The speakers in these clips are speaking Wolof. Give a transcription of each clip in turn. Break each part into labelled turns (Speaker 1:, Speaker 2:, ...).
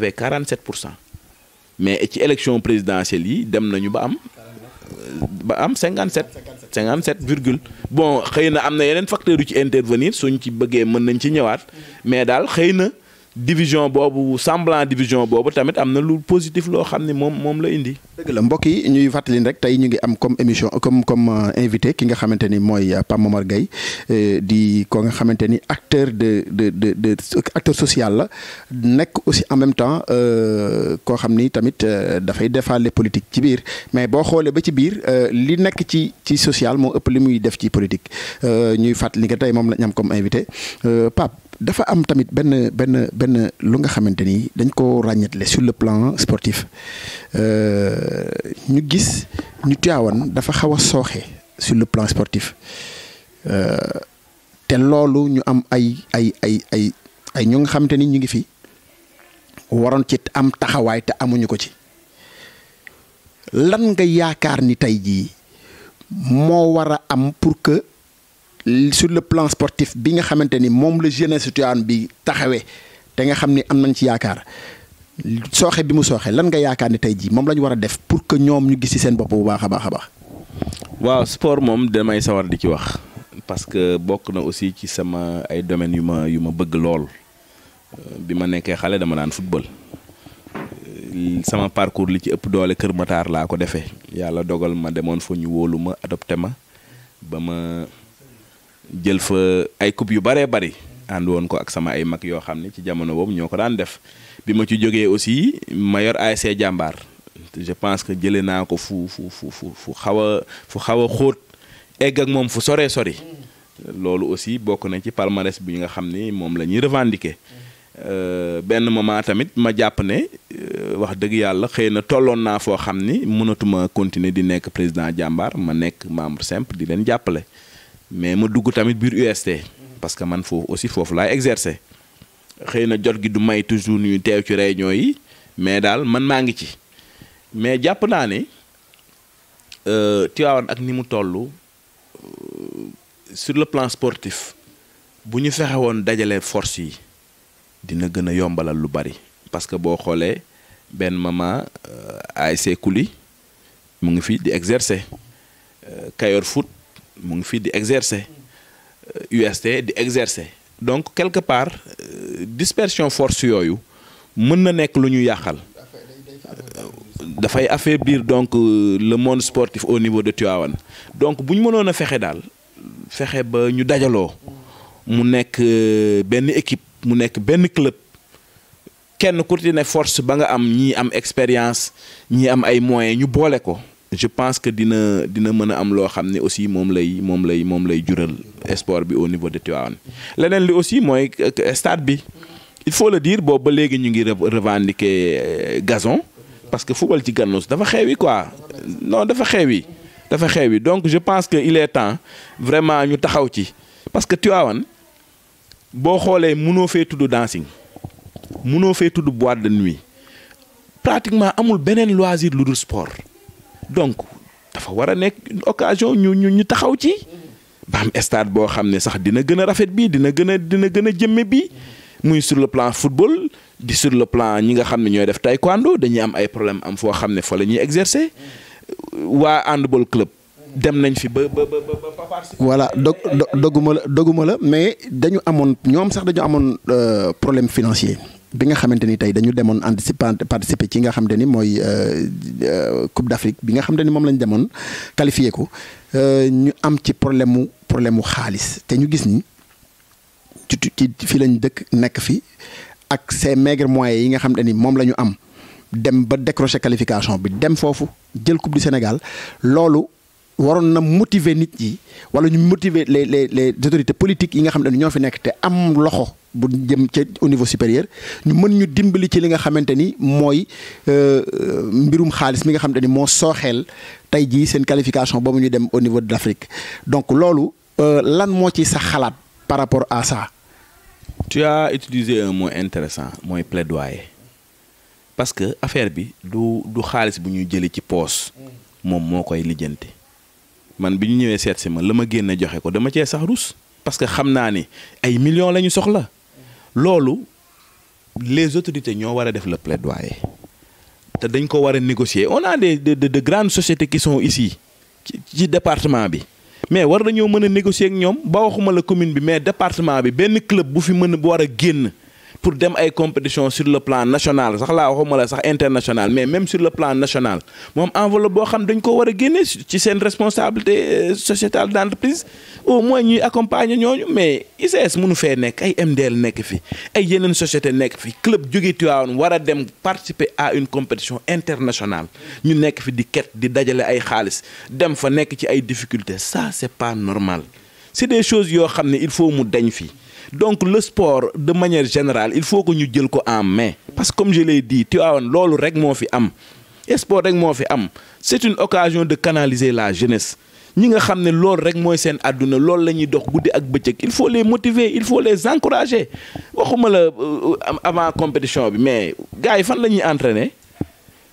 Speaker 1: avait 47 mais ci élection présidentielle yi dem nañu ba am. ba am 57. 57 bon xeyna amna am na yeneen facteurs ci intervenir suñ ci bëggee mën nañ ci ñëwaat mais dal xeyna division bobu semblant division bobu tamit amna lu positif lo xamni mom mom la indi.
Speaker 2: deug la mbokk yi ñuy fàttali rek tay ñu ngi am comme émission comme comme euh, invité ki nga xamanteni moy mooy euh, Pape Momar Gueye euh, di ko nga xamanteni acteur de de de de acteur social la nek aussi en même temps koo xam ni tamit dafay les politique ci biir mais bo xolé ba ci biir li nek ci ci social mo ëpp li muy def ci politique ñuy fàttali nga tay mom la ñam comme invité Pape. dafa am tamit ben ben ben lu nga xamante ni dañ ko ràññetle sur le plan sportif euh, ñu gis ñu Tivaouane dafa xaw sohe, sooxe sur le plan sportif euh, te loolu ñu am ay ay ay ay ay ñu nga xamante ni ñu ngi fi ci am taxawaay te amuñu ko ci lan nga yaakaar ni tey am pour que sur le plan sportif bi nga xamante ni la jeunesse bi te nga xam am nañ ci yaakaar bi lan nga ni la def pour que ñoom ñu gis ci seen bopp bu baax a baax
Speaker 1: waaw sport moom damay sawar di ci wax parce que bokk na aussi ci sama ay domaines yu ma bëgg lool euh, bi ma football. Euh, parcours li ma ma jël fa ay coupe yu baree bari ànd woon ko ak sama ay mag yoo xam ne ci jamono boobu ñoo ko daan def bi ma ci jógee aussi ma yor ASC jàmbaar je pense que jëlee naa ko fu fu fu fu fu xaw a fu xaw a xóot egg ak moom fu soree sori loolu aussi bokk nañ ci palmarès bi nga xam ni moom la ñuy revendiquer euh, benn moment tamit ma jàpp ne euh, wax dëgg yàlla xëy na tolloon naa foo xam ni mënatuma continuer di nekk président jàmbaar ma nekk membre simple di leen jàppale mais ma dugg tamit biir UST parce que man foofu aussi foofu laay exercer xëy na jot gi du may toujours ñuy teew ci réunion yi mais daal man maa ngi ci mais jàpp naa ne euh, Tivaouane ak ni mu toll euh, sur le plan sportif bu ñu fexe woon dajale force yi dina gën a yombalal lu bari parce que boo xoolee benn mama euh, ASC Kuli mu ngi fi di exercer Kayor Foot mon fils d'exercer, di exercer UST euh, di exercer donc quelque part euh, dispersion force yoyu mën na nekk lu ñu yàqal dafay affaiblir donc euh, le monde sportif au niveau de Tivaouane donc buñ ñu mënoon a fexe daal ba ñu dajalo mu nek ben équipe mu nek ben club kenn ku ci ne force ba nga am ñi am expérience ñi am ay moyens ñu bolé ko je pense que dina dina mën am lo xam aussi mom lay mom lay mom lay jural sport bi au niveau de Tivaouane leneen li aussi moy stade bi il faut le dire bo ba légui ñu ngi revendiquer euh, gazon parce que football ci gannaaw dafa xewi quoi non dafa xewi dafa xewi donc je pense que il est temps vraiment ñu taxaw ci parce que Tivaouane bo xolé mëno fé tuddu dancing mëno fé tuddu boîte de nuit pratiquement amul benen loisir lu sport donc dafa wara nek une occasion ñu ñu ñu taxaw ci ba am stade bo xamné sax dina gëna rafet bi dina gëna dina gëna jëmmé bi muy sur le plan football di sur le plan ñi nga xamné ñoy def taekwondo dañuy am ay problème am fo xamné ne fa la ñuy exercer wa handball club dem nañ fi ba ba ba ba
Speaker 2: voilà dog doguma la doguma la mais dañu amone ñoom sax dañu amoon euh, problème financier. bi nga xamante ni tey dañu demoon anticiper participer ci nga xamante ni mooy euh, euh, Coupe d'Afrique bi nga xamante ni moom lañ demoon qualifié ko euh, ñu am ci problème mu problème mu xaalis te ñu gis ni ci ci fii lañ dëkk nekk fi ak ces maigres moyens yi nga xamante ni moom la ñu am dem ba décrocher qualification bi dem foofu jël Coupe du Sénégal loolu. waroon motiver nit yi wala ñu motiver les les les autorités politiques yi nga xam ñoo fi nek té am loxo bu jëm ci au niveau supérieur ñu mën ñu dimbali ci li nga xamante ni euh, euh mbirum xaaliss mi nga xamante ni moo sooxeel tey jii seen qualification bamu ñu dem au niveau de l'Afrique donc euh, lan mo ci sa xalat par rapport à ça.
Speaker 1: tu as utilisé un mot intéressant moy plaidoyer parce que affaire bi du du xaaliss bu ñu jël ci poos mom moo koy man biñu ñëwé ñëwee seet si ma la ma ko dama ci sax rus parce que xam ni ay millions lañu soxla lolu les autorités ñoo wara def le plaidoyer té dañ ko wara négocier on a des de de de grandes sociétés qui sont ici ci département bi mais war nañoo mëna négocier ak ñom ba waxuma la commune bi mais département bi ben club bu fi mëna bu wara a génn pour dem ay compétition sur le plan national sax la waxuma la sax international mais même sur le plan national mom enveloppe bo xam dañ ko wara a ci sen responsabilité euh, sociétale d'entreprise au moins ñuy accompagner ñooñu mais ICS mënu fe nek ay MDL nek fi ay yeneen société nek fi club jogé Tivaouane wara dem participer à une compétition internationale ñu nek fi di ket di dajale ay xaliss dem fa nek ci ay difficultés ça c'est pas normal c'est des choses yo xamné que il faut mu dañ donc le sport de manière générale il faut que nous le ko en main parce que comme je l'ai dit Tivaouane loolu rek moo fi am sport rek am c'est une occasion de canaliser la jeunesse Nous nga que c'est ce rek mooy seen àdduna ce qu'on ñuy dox guddi il faut les motiver il faut les encourager waxuma la euh, euh, avant compétition mais mais gars yi fan la entraîner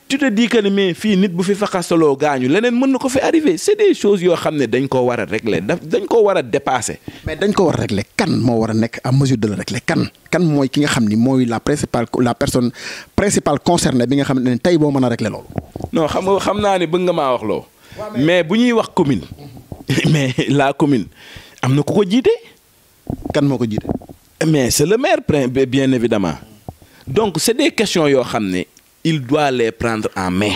Speaker 1: tu te dis que ni mais fii nit bu fi faxasaloo gañu leneen mën na ko fi arriver c'est des choses yo xamné dañ ko wara régler dañ ko wara dépasser.
Speaker 2: mais dañ ko wara régler kan mo wara nek à mesure de le régler kan kan moy ki nga xam moy la principale la personne principale concernée bi nga xamné tay bo meuna régler lolu
Speaker 1: non xam nga xam naa ne nga wax lo mais bu ñuy wax commune. mais la commune am ko ko jité kan moko jité mais c'est le maire bien évidemment donc c'est des questions yo xamné il doit les prendre en main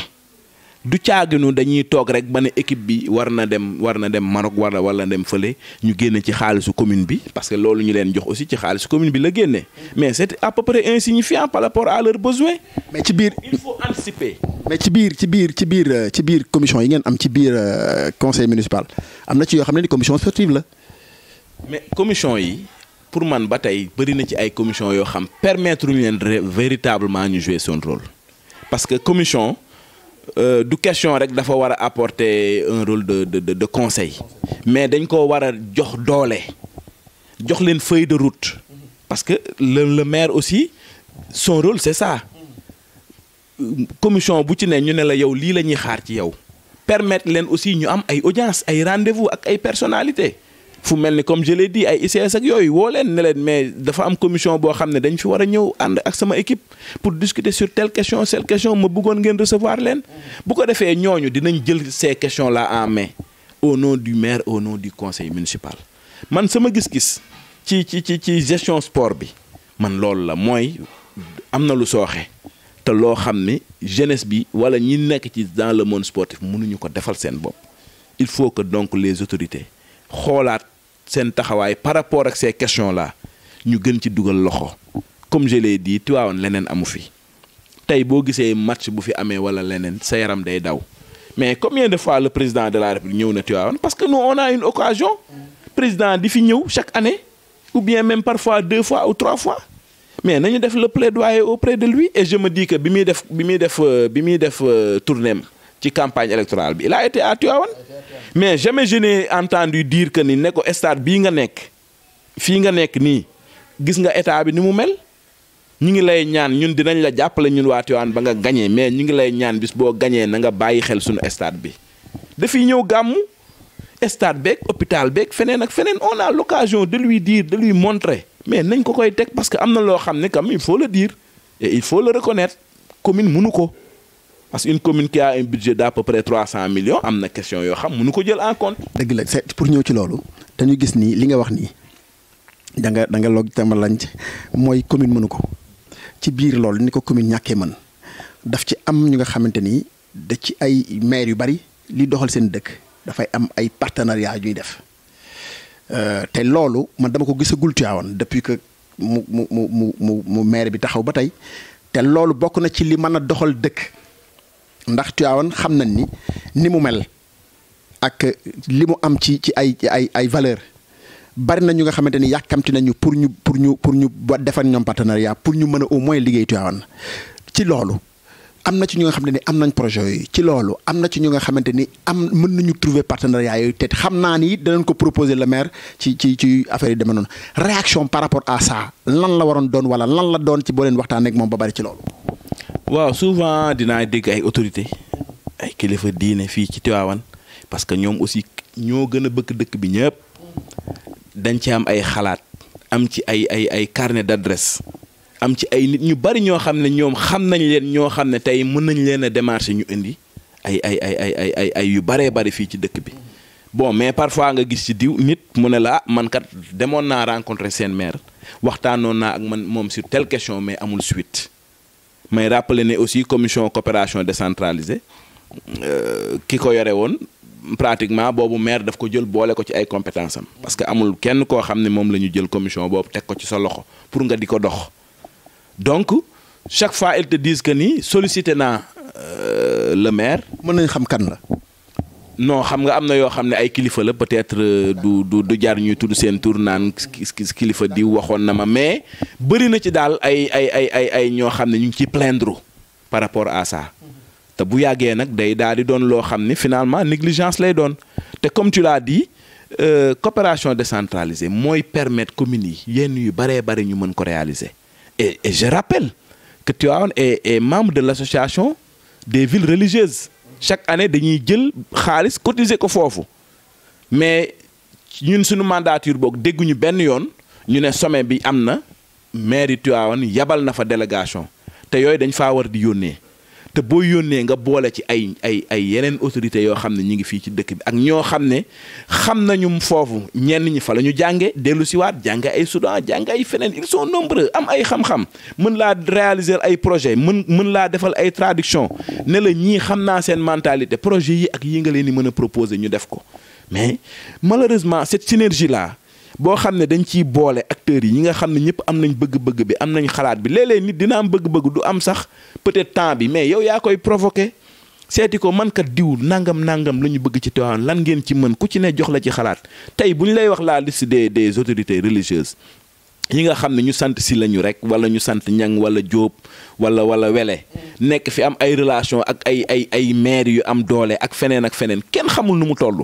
Speaker 1: du caaginu dañuy toog rek ba équipe bi war na dem war na dem Maroc war na wala dem feulé ñu génné ci xaalisu commune bi parce que lolu ñu leen jox aussi ci xaalisu commune bi la génné mais c'est à peu près insignifiant par rapport à leurs besoins.
Speaker 2: mais ci bir il
Speaker 1: faut anticiper.
Speaker 2: mais ci bir ci bir ci bir euh, ci bir commission yi ngeen am ci bir euh, conseil municipal am ci yo xamné ni commission sportive la.
Speaker 1: mais commission yi pour man ba bari na ci ay commission yo xam permettre ñu leen véritablement ñu jouer son rôle parce que commission euh, du question rek dafa wara apporter un rôle de de de conseil mais dañ ko wara a jox dolé jox len feuille de route parce que le maire aussi son rôle c'est ça commission bu ci né ñu né la yow li lañuy xaar ci yow permettre len aussi ñu am ay audience ay rendez-vous ak ay personnalités fu mel comme je l'ai dit ay ICS ak yooyu woo leen ne leen mais dafa am commission pour xam ne dañ fi war ñëw ak sama équipe pour discuter sur telle question telle question ma bëggoon ngeen recevoir l'en. bu ko faire ñooñu dinañ jël ces questions là en main au nom du maire au nom du conseil municipal. man sama gis-gis ci ci ci gestion sport bi man loolu la mooy am na lu sooxe te lo xam jeunesse bi wala ñi nekk ci dans le monde sportif ñu ko défal sen bop il faut que donc les autorités xoolaat par rapport à ces questions là ñu gën ci duggal loxo comme je l'ai dit tu lenen amu fi tey boo un match bu fi amé wala lenen sa yaram day daw mais combien de fois le président de la République ñëw na Tivaouane parce que nous on a une occasion président di fi chaque année ou bien même parfois deux fois ou trois fois mais nañu def le plaidoyer auprès de lui et je me dis que bi mi def bi mi def euh, bi campagne électorale il a été à mais jamais je n'ai entendu dire que ni neko stade nga nek nous nga nek que gis nga état bi ni mu mel ñu ngi lay ñaan ñun dinañ la jappalé ñun wa ba nga gagner, mais ñu ngi lay ñaan bis bo gagner nga bayyi xel suñu stade bi gamu, hôpital on a l'occasion de lui dire de lui montrer mais nous, ko koy parce que amna lo il faut le dire et il faut le reconnaître commune ko parce que une commune qui a un budget d'à am na question yoo xam
Speaker 2: mënu ko jël en compte. dëgg la c'est pour ñëw ci loolu dañu gis nii li nga wax nii da nga da nga loog tama lanc mooy commune mënu ko ci biir loolu ni ko commune ñàkkee mën daf ci am ñu nga xamante ni da ci ay maire yu bari li doxal seen dëkk dafay am ay partenariat yuy def euh, te loolu man dama ko gisagul Tivaouane depuis que mu mu mu mu mu maire bi taxaw ba tey te loolu bokk na ci li mën a doxal dëkk. ndax Tivaouane xam nañ ni ni mu mel ak li mu am ci ci ay ay ay valeur bari na ñu nga xamanteni yakamti nañu pour ñu pour ñu pour ñu ba ñom partenariat pour ñu mëna au moins liggéey Tivaouane ci lolu amna ci ñu nga xamanteni am nañ projet yooyu ci lolu amna ci ñu nga xamanteni am mën nañu trouver partenariat yooyu tet xamna ni da lañ ko proposer le maire ci ci ci affaire yi demee noonu réaction par rapport à ça lan la waron doon wala lan la doon ci bo len waxtaan ak mom ba bari ci lolu
Speaker 1: waaw souvent dinaa dégg ay autorité ay kilifa diine fii ci Tivaouane parce que ñoom aussi ñoo gën a bëgg dëkk bi ñëpp dañ ci am ay xalaat am ci ay ay ay carnet d'adresse am ci ay nit ñu bari ñoo xam ne ñoom xam nañ leen ñoo xam ne tey mën nañ leen a démarcher ñu indi ay ay ay ay ay ay yu baree bari fii ci dëkk bi bon mais parfois nga gis ci diw nit mu ne la man kat demoon naa rencontrer seen maire waxtaanoon naa ak man moom sur telle question mais amul suite mais rappeler aussi aussi commission coopération décentralisée qui a été woon pratiquement le maire daf ko jël compétences. ko ci ay compétences. parce que amul kenn personne qui ne qu'il la jël commission boobu tek ko ci sa pour nga donc chaque fois ils te disent que ni sollicité euh, le maire. mën ne xam kan la non xam nga am na yoo xam ne ay kilifa peut-être euh, du du du jar ñuy tudd seen tur naan kilifa di mais beaucoup na ci daal ay ay ay ay ay ñoo plaindre par rapport à ça te bu yàggee nag day daal di doon loo finalement négligence lay doon te comme tu l'as dit euh, coopération décentralisée mooy permettre communes de yenn yu bëree bëri ñu ko réaliser et je rappelle que tu es membre de l'association des villes religieuses chaque année dañuy jël xaalis cotiser ko foofu mais ñun suñu mandature boog dégguñu benn yoon ñu ne sommet bi am na mairie Tivaouane yabal na fa délégation te yooyu dañ faa war di yónnee. te boo yónnee nga boole ci ay ay ay yeneen autorités yoo xam ne ñu ngi fii ci dëkk bi ak ñoo xam ne xam nañu foofu ñenn ñi fa la ñu jànge dellu siwaat jànge ay Soudan jànge ay feneen ils sont nombreux am ay xam-xam mën laa réaliser ay projet mën mën laa defal ay traduction ne la ñii xam naa seen mentalité projet yi ak yi nga leen di mën a proposer ñu def ko mais malheureusement cette synergie là boo xam ne dañ ciy boole acteurs yi ñi nga xam ne ñëpp am nañ bëgg-bëgg bi am nañu xalaat bi léeg-léeg nit dina am bëgg-bëgg du am sax peut-être temps bi mais yow yaa koy provoqué seeti ko mankat kat diw nangam nangam la ñu bëgg ci Tivaouane lan ngeen ci mën ku ci ne jox la ci xalaat tey bu ñu lay wax la di des des autorités religieuses ñi nga xam ne ñu sant si lañu rek wala ñu sant ñang wala jóob wala wala wele nekk fi am ay relation ak ay ay ay maire yu am doole ak feneen ak feneen kenn xamul nu mu toll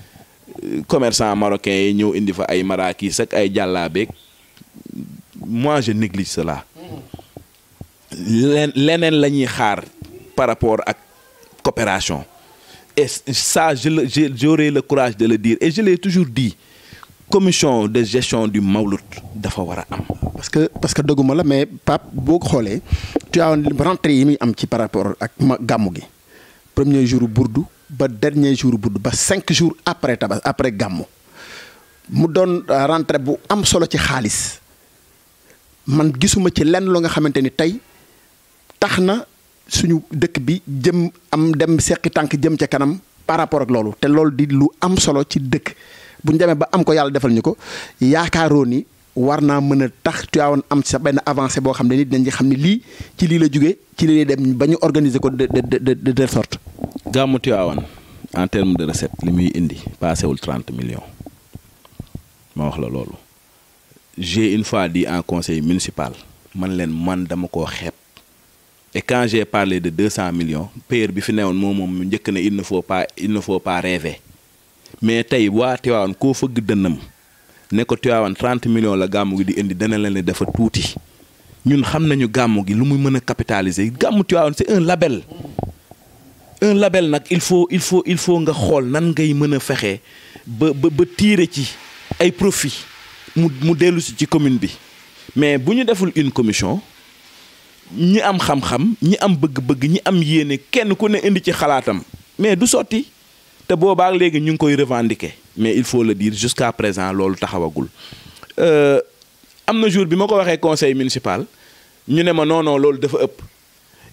Speaker 1: commerçants marocains yi indi fa ay marakis ak ay jàllaabeeg moi je néglige cela lenen n'est pas xaar par rapport à coopération et ça j'aurai le courage de le dire et je l'ai toujours dit commission de gestion du il
Speaker 2: dafa wara am. parce que parce que deuguma la mais Pape boo tu as rentrée grand am par rapport à ma premier jour Bourdou. ba dernier jour bu ba 5 jours après tabas après gamu mu don euh, rentrée bu am solo ci xaalis man gisuma ci lenn lo nga xamanteni tay taxna suñu dekk bi jëm am dem sekk tank jëm ci kanam par rapport ak lolu te lolu di lu am solo ci dekk buñu ñu ba am ko yalla defal ñuko ko warna ni war naa tax am sa ben avancée bo xamné nit dañ xam ne lii ci li la jóge ci li lay dem bañu organiser ko de de de de sorte
Speaker 1: en termes de recette il indi 30 30 millions ma wax la j'ai une fois dit en conseil municipal man man dama et quand j'ai parlé de 200 millions père bi fi il ne faut pas il ne faut pas rêver mais tay y 30 millions la gi di indi dana le dafa touti ñun xam nañu gamu gi lu muy capitaliser c'est un label un label nak il faut il faut il faut nga xol nan ngay meuna fexé ba ba ba tiire ci ay profit mu mu dellu ci commune bi mais buñu deful une commission ñi am xam-xam ñi am bëgg-bëgg ñi am yéene kenn ku ne indi ci xalaatam mais du sorti? te ak légui ñu ngi koy revendiquer mais il faut le dire jusqu'à présent lolu taxawagul euh, am amna jour bi mako waxé conseil municipal ñu ne ma non non lolu dafa ëpp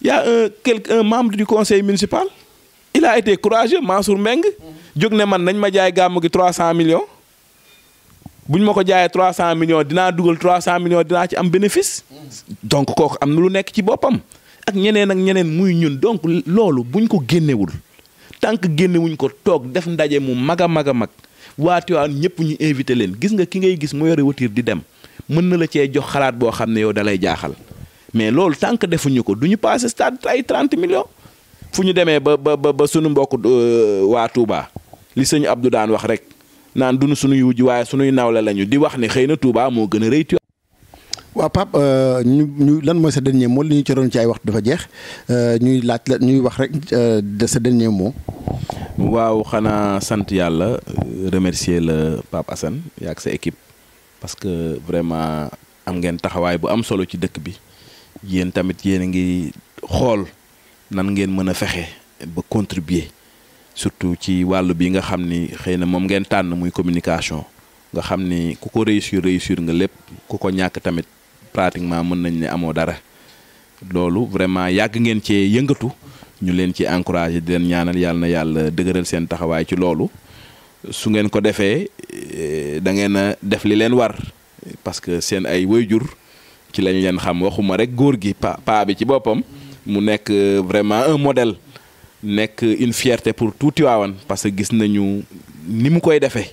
Speaker 1: yaa a un quelque un membre du conseil municipal il a été courageux Mansour jóg ne man nañ ma jaay gàmm gi 300 millions bu ñu ma ko jaayee 300 millions dinaa dugal 300 millions dinaa ci am bénéfice. donc kooku am na lu nekk ci boppam. ak ñeneen ak ñeneen muy ñun donc loolu buñ ko génnewul tant que génnewuñ ko toog def ndaje mu mag a mag a mag waa Tivaouane ñëpp ñu invité leen gis nga ki ngay gis mu yore voiture di dem mën na la cee jox xalaat boo xam ne yow dalay jaaxal. mais loolu tant que defuñu ko duñu passer stade ay 30 millions fuñu démé ba ba ba suñu mbokk euh, wa Touba li sëñ Abdou Dan wax rek naan dunu suñuy wujj waaye suñuy nawle lañu di wax ni xeyna Touba mo gëna reuy tu
Speaker 2: wa pap euh, ñu ñu lan moy sa dernier mot li ñu coroon ci ay waxtu dafa jeex euh, ñuy laaj ñuy wax rek de sa dernier mot.
Speaker 1: waaw xana sante yalla remercier le Pape Assane yak sa équipe parce que vraiment am ngeen taxaway bu am solo ci dëkk bi. Yen tamit yen ngi xol nan ngeen meuna fexé ba contribuer surtout ci walu bi nga xamni ni mom na ngeen tan muy communication nga xamni ni ku ko réussir réussir nga lepp ku ko ñak tamit pratiquement meun nañ ne amo dara lolu vraiment yag ngeen ci yëngatu ñu leen ci encourager den ñaanal yalla na yalla dëgëral seen taxaway ci lolu su ngeen ko defé eh, da ngeen def li leen war parce que seen ay jur ci lañu leen xam waxuma rek góor gi pa paa bi ci boppam mu nekk euh, vraiment un modèle nekk une fierté pour tout Tivaouane parce que gis nañu ni mu koy defee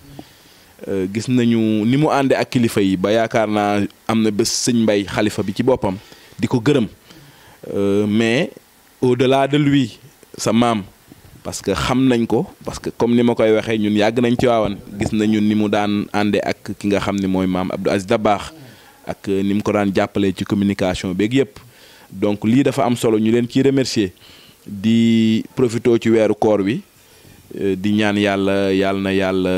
Speaker 1: euh, gis nañu ni mu àndee ak kilifa yi ba yaakaar naa am na bés sëñ mbay xalifa bi ci boppam di ko gërëm euh, mais de la de lui sa maam parce que xam nañ ko parce que comme ni ma koy waxee ñun yàgg nañ ci waawan gis nañu ni mu daan àndee ak ki nga xam ni mooy maam Abdou Aziz Dabakh ak euh, nim ko daan jàppalee ci communication beeg yépp donc lii dafa am solo ñu leen ciy remercier di profito ci weeru koor wi euh, di ñaan yàlla yàlla na yàlla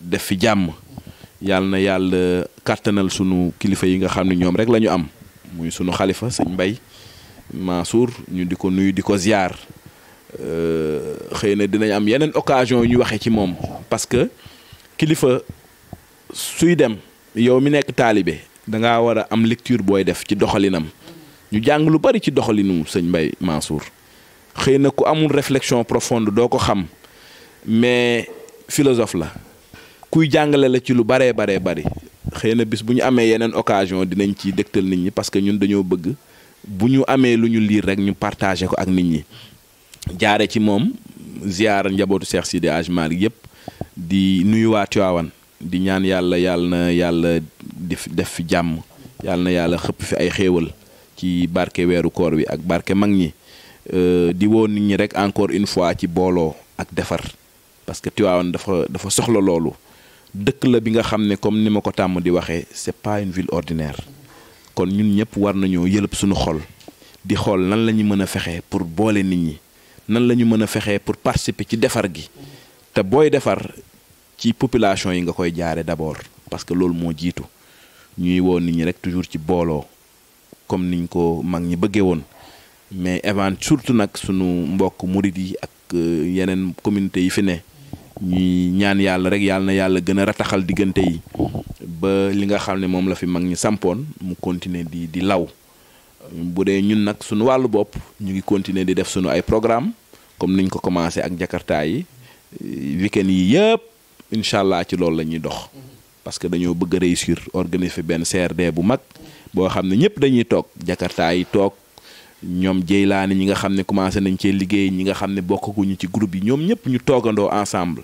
Speaker 1: def fi jàmm yàlla na yàlla kàttanal sunu kilifa yi nga xam ne ñoom rek la ñu am muy sunu xalifa sëñ Mbay Mansour ñu di ko nuyu di ko ziar euh, xëy na dinañ am yeneen occasion ñu waxee ci moom parce que kilifa suy dem yow mi nekk taalibe da ngaa war a am lecture booy def ci doxalinam ñu jàng lu bari ci doxalinu sëñ Mbaye Mansour xëy na ku amul reflexion profonde doo ko xam mais philosophe la kuy jàngale la ci lu baree baree bari xëy na bis bu ñu amee yeneen occasion dinañ ci dégtal nit ñi parce que ñun dañoo bëgg bu ñu amee lu ñu liir rek ñu partagé ko ak nit ñi jaare ci moom ziar njabootu Cheikh Sidi Aj Malick yëpp di nuyuwaat Tiwaawan di ñaan yàlla yàlla na yàlla def def fi jàmm yàlla na yàlla xëpp fi ay xéewal ci barke weeru koor wi ak barke mag ñi euh, di woo nit ñi rek encore une fois ci booloo ak defar parce que Tivaouane dafa dafa soxla loolu dëkk la bi nga xam ne comme ni ma ko tàmm di waxee c'est pas une ville ordinaire kon ñun ñëpp war nañoo yëlëb suñu xol di xool nan la ñu mën a fexe pour boole nit ñi nan la ñu mën a fexe pour participer ci defar gi te booy defar ci population yi nga koy jaare d'abord parce que loolu moo jiitu ñuy woo nit ñi rek toujours ci booloo comme niñ ko mag ñi bëggee woon mais avant surtout nag sunu mbokk murit yi ak euh, yeneen communauté yi fi ne ñuy ñaan yàlla rek yàlla na yàlla gën a rataxal diggante yi ba li nga xam ne moom la fi mag ñi sampoon mu continuer di di law bu dee ñun nag sunu wàllu bopp ñu ngi continuer di def sunu ay programme comme niñ ko commencé ak jakarta yi euh, weekend yi yëpp incha allah ci loolu la ñuy dox parce que dañoo bëgg réussir réussir organiser benn CRD bu mag boo xam ne ñëpp dañuy toog Jakarta yi toog ñoom laa ne ñi nga xam ne commencé nañ cee liggéey ñi nga xam ne bokkaguñu ci groupe yi ñoom ñëpp ñu toogandoo ensemble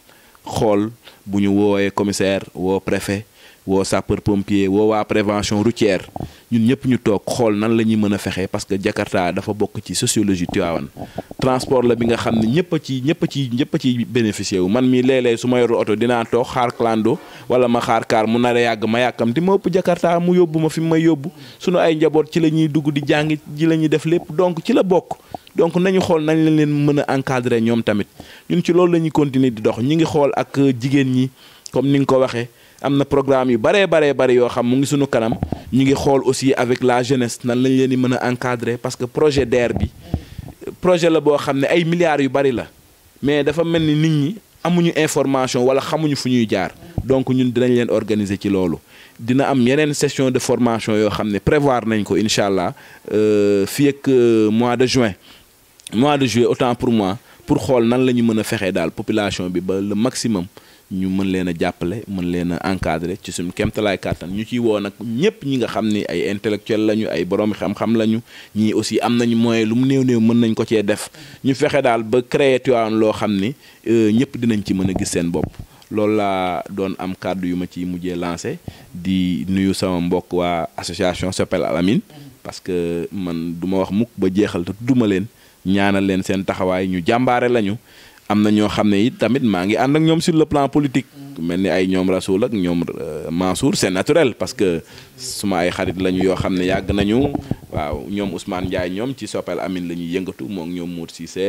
Speaker 1: xool bu ñu woowee commissaire woo préfet woo sapeur pompier woo waa prévention routière ñun ñëpp ñu toog xool nan la ñuy mën a fexe parce que Jakarta dafa bokk ci sociologie Tivaouane transport la bi nga xam ne ñëpp ci ñëpp ci ñëpp ci bénéficié wu man mi léeg-léeg su ma yoru oto dinaa toog xaar clando wala ma xaar kaar mu nar a yàgg ma yàkkamti ma ëpp Jakarta mu yóbbu ma fi mu may yóbbu sunu ay njaboot ci la ñuy dugg di jàngi ji la ñuy def lépp donc ci la bokk donc nañu xool nañ leen leen mën a encadrer ñoom tamit ñun ci loolu la ñuy continuer di dox ñu ngi xool ak jigéen ñi comme ni nga ko waxee am na programme yu bare bare bare yo xam mu ngi suñu kanam ñu ngi xool aussi avec la jeunesse nan lañ leen di mën a encadrer parce que projet d'air bi projet la boo xam ne ay milliards yu bari la mais dafa mel ni nit ñi amuñu information wala xamuñu fu ñuy jaar donc ñun dinañ leen organiser ci loolu dina am yeneen session de formation yoo xam ne prévoir nañ ko incha allah euh, fii ak euh, mois de juin mois de juin, autant pour moi pour xool nan la ñu mën a fexee daal population bi ba le maximum ñu mën leen a jàppale mën leen a encadrer ci suñu kemtalaay kàttan ñu ciy woo nag ñëpp ñi nga xam ni ay intellectuel lañu ay borom xam-xam lañu ñii aussi am nañu moyen lu mu néew néew mën nañ ko cee def ñu fexe daal ba créer Tivaouane loo xam ni euh, ñëpp dinañ ci mën a gis seen bopp. loolu laa doon am kàddu yu ma ci mujjee lancé di nuyu sama mbokk waa association s'appelle alamine Amine parce que man duma wax mukk ba jeexal te tudduma leen ñaanal leen seen taxawaay ñu jàmbaare lañu. am na ñoo xam ne it tamit maa ngi ànd ak ñoom sur le plan politique. mel ni ay ñoom Rasoul ak ñoom euh, Mansour c'est naturel parce que suma ay xarit lañu yoo xam ne yàgg nañu waaw ñoom Ousmane Ndiaye ñoom ci sopel amin la ñuy mu ak ñoom si Cissé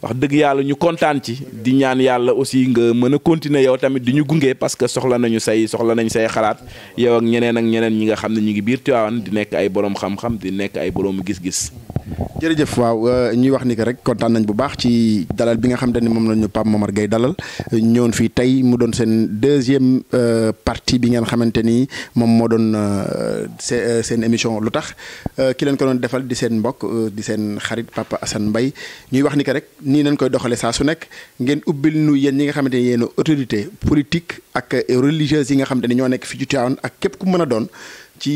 Speaker 1: wax dëgg yàlla ñu kontaan ci di ñaan yàlla aussi nga mën a continuer yow tamit di ñu gunge parce que soxla nañu say soxla nañ say xalaat yow ak ñeneen ak ñeneen ñi nga xam ne ñu ngi biir Tivaouane di nekk ay borom xam-xam di
Speaker 2: nekk ay boroomu gis-gis. jërëjëf waaw euh, ñuy wax ni que rek kontaan nañ bu baax ci dalal bi nga xam ni moom la ñu Pape Momar Gueye ñëwoon fii tey mu doon seen deuxième euh, partie bi ngeen xamante ni moom moo doon euh, seen émission lu tax ki leen ko doon defal di seen mbokk di seen xarit Papa Assane mbay ñuy wax ni ko rek nii leen koy doxalee saa su nekk ngeen ubbil nu yéen ñi nga xamante ni yéen autorité politique ak religieuse yi nga xamante ni ñoo nekk fi ju Tivaouane ak képp ku mën a doon ci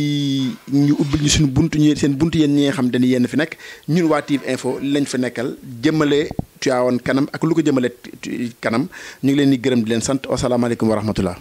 Speaker 2: ñu ubbil ñu suñu buntu ñu seen buntu yéen ñi nga xam dañu yéen fi nekk ñun waa TIV info lañ fa nekkal jëmale Tivaouane kanam ak lu ko jëmale kanam ñu ngi leen di gërëm di leen sant wasalaamaaleykum wa rahmatullah